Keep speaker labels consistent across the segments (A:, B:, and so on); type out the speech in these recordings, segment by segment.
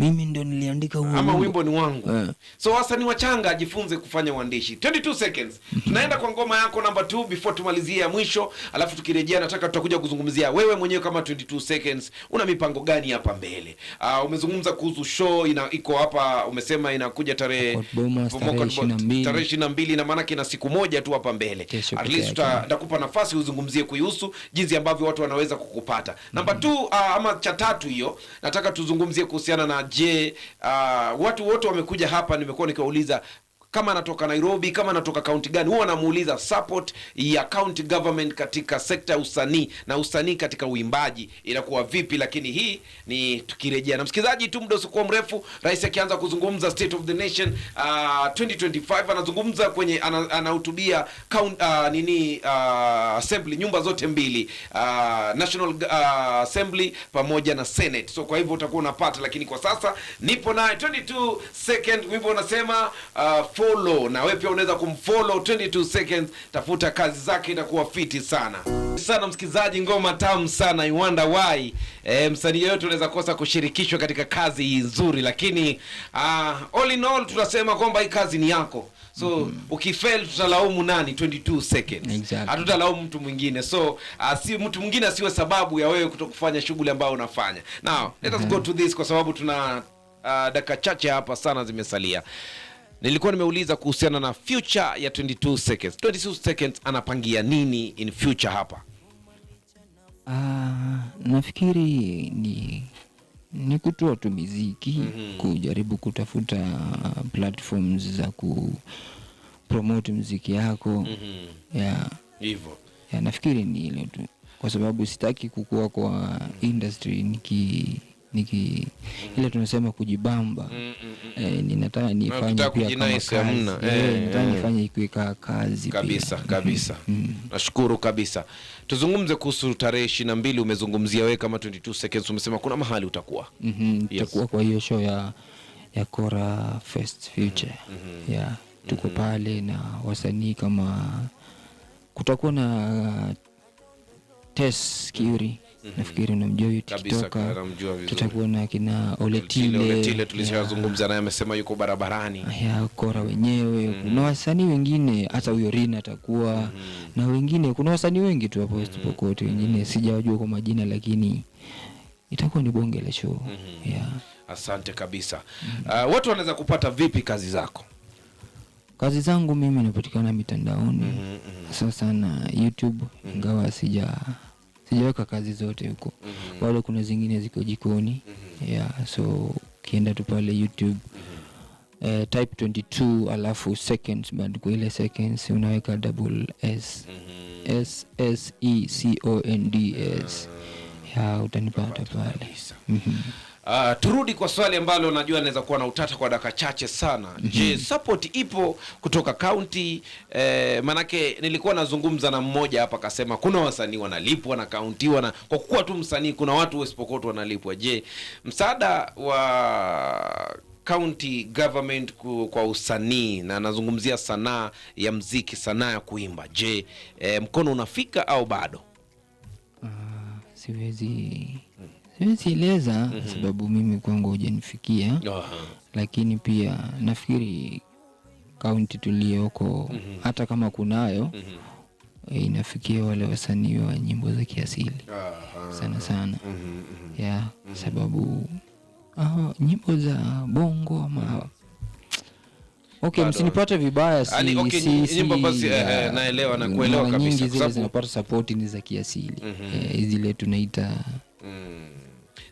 A: mimi ndio niliandika huo
B: ama wimbo ni wangu yeah. So wasanii wachanga ajifunze kufanya uandishi. 22 seconds mhm. tunaenda kwa ngoma yako namba 2 before tumalizie ya mwisho, alafu tukirejea, nataka tutakuja kuzungumzia wewe mwenyewe kama 22 seconds, una mipango gani hapa mbele? Uh, umezungumza kuhusu show ina iko hapa, umesema inakuja tarehe
A: tarehe
B: 22 na maana kina siku moja tu hapa mbele, at least tutakupa nafasi uzungumzie kuhusu jinsi ambavyo watu wanaweza kukupata. Namba 2 mhm. uh, ah, ama cha tatu hiyo nataka tuzungumzie kuhusiana na je, uh, watu wote wamekuja hapa, nimekuwa nikiwauliza kama anatoka Nairobi, kama anatoka kaunti gani, huwa anamuuliza support ya county government katika sekta ya usanii na usanii katika uimbaji inakuwa vipi. Lakini hii ni tukirejea na msikilizaji tu muda usikuwa mrefu, rais akianza kuzungumza state of the nation uh, 2025 anazungumza kwenye anahutubia uh, nini uh, assembly nyumba zote mbili uh, national uh, assembly pamoja na senate. So kwa hivyo utakuwa unapata, lakini kwa sasa nipo naye 22 second wimbo unasema uh, follow, na wewe pia unaweza kumfollow 22 seconds. Tafuta kazi zake, itakuwa fiti sana sana msikilizaji, ngoma tamu sana, i wonder why. E, msanii yeyote unaweza kosa kushirikishwa katika kazi hii nzuri, lakini uh, all in all tunasema kwamba hii kazi ni yako, so mm -hmm. Ukifail tutalaumu nani? 22 seconds exactly. Hatutalaumu mtu mwingine, so uh, si mtu mwingine asiwe sababu ya wewe kutokufanya shughuli ambayo unafanya now. Let us mm -hmm. go to this kwa sababu tuna uh, dakika chache hapa sana zimesalia nilikuwa nimeuliza kuhusiana na future ya 22 seconds. 22 seconds anapangia nini in future hapa?
A: Uh, nafikiri ni ni kutoa tu miziki mm -hmm. Kujaribu kutafuta platforms za ku promote mziki yako mm -hmm. yeah. Hivyo yeah, nafikiri ni ile tu, kwa sababu sitaki kukua kwa industry niki niki mm-hmm. ile tunasema kujibamba eh, ninataka nifanye pia kama kazi eh, eh, nifanye ikiwe kazi
B: kabisa pia. kabisa mm-hmm. Mm-hmm. nashukuru kabisa tuzungumze kuhusu tarehe ishirini na mbili umezungumzia wewe kama 22 seconds umesema kuna mahali utakuwa
A: mm yes. utakuwa kwa hiyo show ya ya Kora Fest Future mm -hmm. yeah tuko mm -hmm. pale na wasanii kama kutakuwa na Tess Kiuri Mhm. nafikiri unamjua huyu tutakuwa na kina oletile
B: tulishazungumza naye amesema yuko barabarani
A: ya kora wenyewe mm-hmm. kuna wasanii wengine hata huyo rin atakuwa mm-hmm. na wengine kuna wasanii wengi tu hapo mm-hmm. wengine mhm. sijawajua kwa majina lakini itakuwa ni bonge la show mm-hmm. yeah.
B: asante kabisa mm-hmm. uh, watu wanaweza kupata vipi kazi zako
A: kazi zangu mimi napatikana mitandaoni mm-hmm. sasa na youtube ingawa mm-hmm. sija sijaweka kazi zote huko mm-hmm. bado kuna zingine ziko jikoni mm-hmm. yeah, so ukienda tu pale youtube mm-hmm. uh, type 22 alafu seconds but kwa ile seconds unaweka double s mhm. s s e c o n d s ah. ya utanipata pale
B: mm-hmm. Uh, turudi kwa swali ambalo najua naweza kuwa na utata kwa dakika chache sana. mm -hmm. Je, support ipo kutoka kaunti eh? Manake nilikuwa nazungumza na mmoja hapa akasema kuna wasanii wanalipwa na kaunti wana kwa kuwa tu msanii, kuna watu Westpokot wanalipwa. Je, msaada wa county government ku, kwa usanii na nazungumzia sanaa ya mziki, sanaa ya kuimba, je, eh, mkono unafika au bado?
A: Uh, siwezi hmm siwezi eleza mm -hmm. sababu mimi kwangu hujanifikia Lakini pia nafikiri kaunti tulioko mm -hmm. hata kama kunayo mm -hmm. inafikia wale wasanii wa nyimbo za kiasili oh. sana sana mm -hmm. ya yeah. mm -hmm. sababu uh, nyimbo za bongo ama mm -hmm. Okay, msinipate vibaya si, yaani, okay, si,
B: si, basi, eh, eh, naelewa na kuelewa kabisa nyingi
A: zile zinapata sapoti ni za kiasili mm -hmm. eh, zile tunaita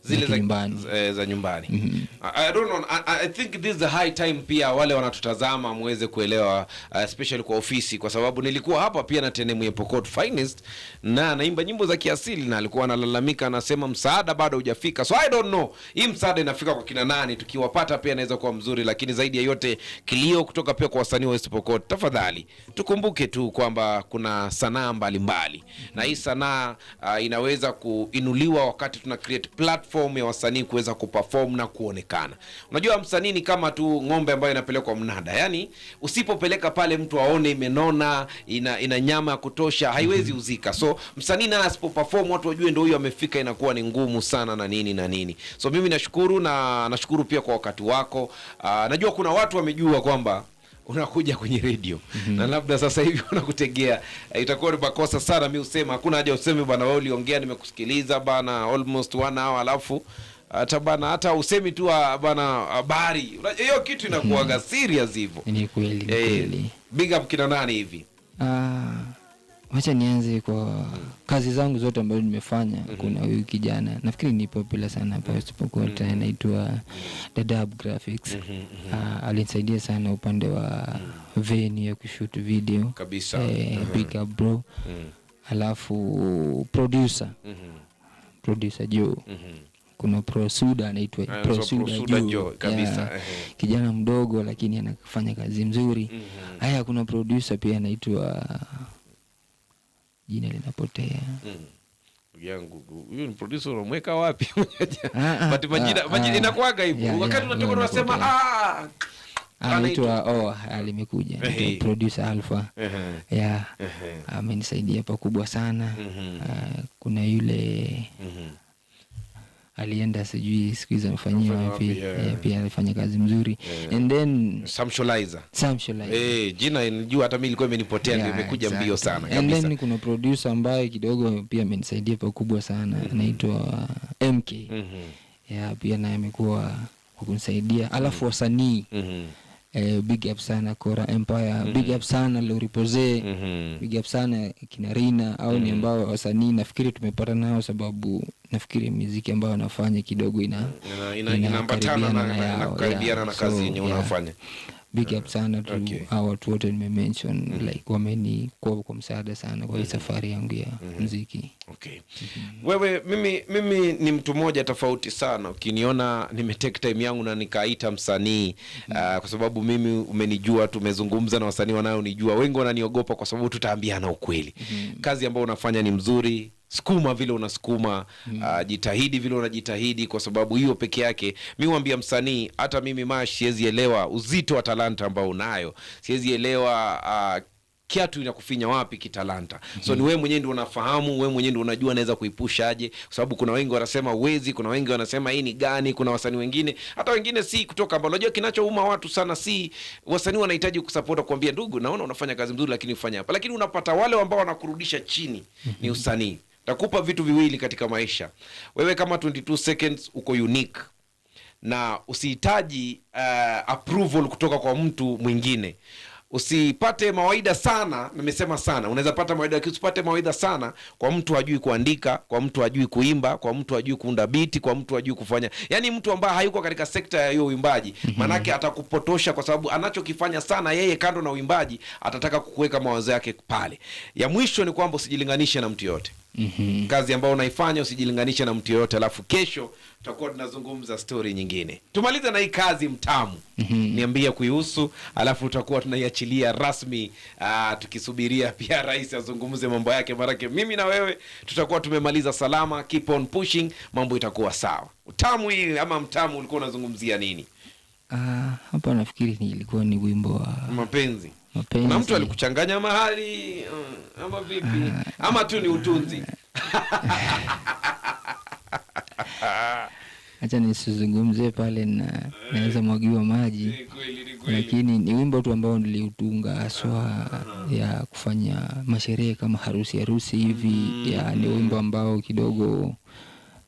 A: zile za nyumbani,
B: eh, za, nyumbani. Mm -hmm. I, I don't know I, I think this is the high time pia wale wanatutazama muweze kuelewa uh, especially kwa ofisi, kwa sababu nilikuwa hapa pia na Tene Mwepokot finest na naimba nyimbo za kiasili na alikuwa analalamika, anasema msaada bado hujafika, so I don't know hii msaada inafika kwa kina nani, tukiwapata pia inaweza kuwa mzuri, lakini zaidi ya yote kilio kutoka pia kwa wasanii wa West Pokot, tafadhali tukumbuke tu kwamba kuna sanaa mbalimbali na hii sanaa uh, inaweza kuinuliwa wakati tuna create platform platform ya wasanii kuweza kuperform na kuonekana. Unajua msanii ni kama tu ng'ombe ambayo inapelekwa mnada, yani usipopeleka pale mtu aone imenona, ina, ina nyama ya kutosha, haiwezi mhm. uzika. So msanii naye asipoperform watu wajue ndio huyo amefika, inakuwa ni ngumu sana na nini na nini. So mimi nashukuru na nashukuru pia kwa wakati wako. Aa, ah, najua kuna watu wamejua kwamba unakuja kwenye redio mm -hmm. na labda sasa hivi unakutegea, eh, itakuwa ni makosa sana mi usema, hakuna haja useme bana, wewe uliongea, nimekusikiliza bana almost one hour, alafu hata bana, hata usemi tu ah, bana habari, hiyo kitu inakuaga mm -hmm. serious hivyo.
A: Ni kweli, ni eh, kweli.
B: Big up kina nani hivi
A: ah wacha nianze kwa kazi zangu zote ambazo nimefanya. mm -hmm. Kuna huyu kijana nafikiri ni popular sana pale tusipokuwa mm -hmm. anaitwa Dadab Graphics. mm -hmm. Uh, alinisaidia sana upande wa mhm. venue ya kushoot video
B: kabisa, eh,
A: mm -hmm. big up bro. mm -hmm. Alafu producer mm -hmm. producer Joe mm -hmm. Kuna Prosuda anaitwa ah, Prosuda Joe
B: kabisa, mhm.
A: kijana mdogo lakini anafanya kazi mzuri. mm -hmm. Haya, kuna producer pia anaitwa jina linapotea mm.
B: yangu huyu ni produsa unamweka wapi? Ah, ah, but majina ah, majina inakuaga hivyo, wakati unatoka unasema ah,
A: anaitwa oh, alimekuja hey. producer Alpha yeah, amenisaidia pakubwa sana. Uh, kuna yule mhm alienda sijui siku hizi amefanyia wapi eh, pia alifanya kazi mzuri yeah. and then
B: Samsholizer.
A: Samsholizer.
B: eh hey, jina nilijua hata mimi ilikuwa imenipotea yeah, nimekuja exactly. mbio sana
A: kabisa and then kuna producer ambaye kidogo pia amenisaidia pakubwa sana mm -hmm. anaitwa eh, MK mm -hmm. yeah, pia naye amekuwa wa kunisaidia alafu mm-hmm. wasanii mm -hmm. Uh, big up sana Kora Empire mm. big up sana Loripoze mm -hmm. big up sana Kinarina au mm -hmm. ni mm-hmm. ambao wasanii nafikiri tumepata nao sababu nafikiri miziki ambayo anafanya kidogo ina
B: inaambatana na karibiana na kazi yenye unafanya.
A: Big up sana tu okay. Hawa watu wote nimemention mm. like wameni kwa, kwa msaada sana kwa hii mm. safari yangu ya mm. mziki
B: okay. mm. Wewe mimi, mimi ni mtu mmoja tofauti sana. Ukiniona nimetake time yangu na nikaita msanii mm. uh, kwa sababu mimi umenijua, tumezungumza na wasanii wanayonijua. wengi, wananiogopa kwa sababu tutaambiana ukweli mm. kazi ambayo unafanya ni mzuri Sukuma vile unasukuma mm. Uh, jitahidi vile unajitahidi, kwa sababu hiyo peke yake. Mi huambia msanii, hata mimi maa siwezielewa uzito wa talanta ambao unayo, siwezielewa uh, ah, kiatu inakufinya wapi kitalanta. so mm -hmm. ni mm-hmm. wewe mwenyewe ndio unafahamu, wewe mwenyewe ndio unajua naweza kuipushaje, kwa sababu kuna wengi wanasema uwezi, kuna wengi wanasema hii ni gani, kuna wasanii wengine hata wengine si kutoka ambao, unajua kinachouma watu sana si wasanii wanahitaji kusapota, kuambia ndugu, naona unafanya kazi nzuri, lakini ufanya hapa, lakini unapata wale ambao wanakurudisha chini. mm -hmm. ni mm-hmm. usanii Takupa vitu viwili katika maisha. Wewe kama 22 seconds uko unique na usihitaji uh, approval kutoka kwa mtu mwingine. Usipate mawaida sana, nimesema sana. Unaweza pata mawaida lakini usipate mawaida sana kwa mtu ajui kuandika, kwa mtu ajui kuimba, kwa mtu ajui kuunda biti, kwa mtu ajui kufanya. Yaani mtu ambaye hayuko katika sekta ya hiyo uimbaji, maanake mhm. atakupotosha kwa sababu anachokifanya sana yeye kando na uimbaji, atataka kukuweka mawazo yake pale. Ya mwisho ni kwamba usijilinganishe na mtu yote mm -hmm. Kazi ambayo unaifanya usijilinganishe na mtu yoyote, alafu kesho tutakuwa tunazungumza stori nyingine. Tumalize na hii kazi mtamu mm -hmm. niambia kuihusu, alafu tutakuwa tunaiachilia rasmi aa, ah, tukisubiria pia rais azungumze mambo yake, maanake mimi na wewe tutakuwa tumemaliza salama. Keep on pushing, mambo itakuwa sawa. Utamu hii ama mtamu ulikuwa unazungumzia nini?
A: Uh, hapa nafikiri ilikuwa ni wimbo wa
B: mapenzi mapenzi. Kuna mtu alikuchanganya mahali uh, ama vipi? Uh, ama tu ni utunzi?
A: Acha nisizungumzie pale na naweza mwagiwa maji, lakini ni wimbo tu ambao niliutunga haswa ah. ya kufanya masherehe kama harusi harusi hivi mm. ya ni wimbo ambao kidogo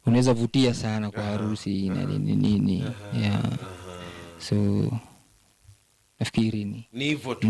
A: unaweza vutia sana kwa harusi na nini nini, yeah. so nafikiri ni hivyo tu.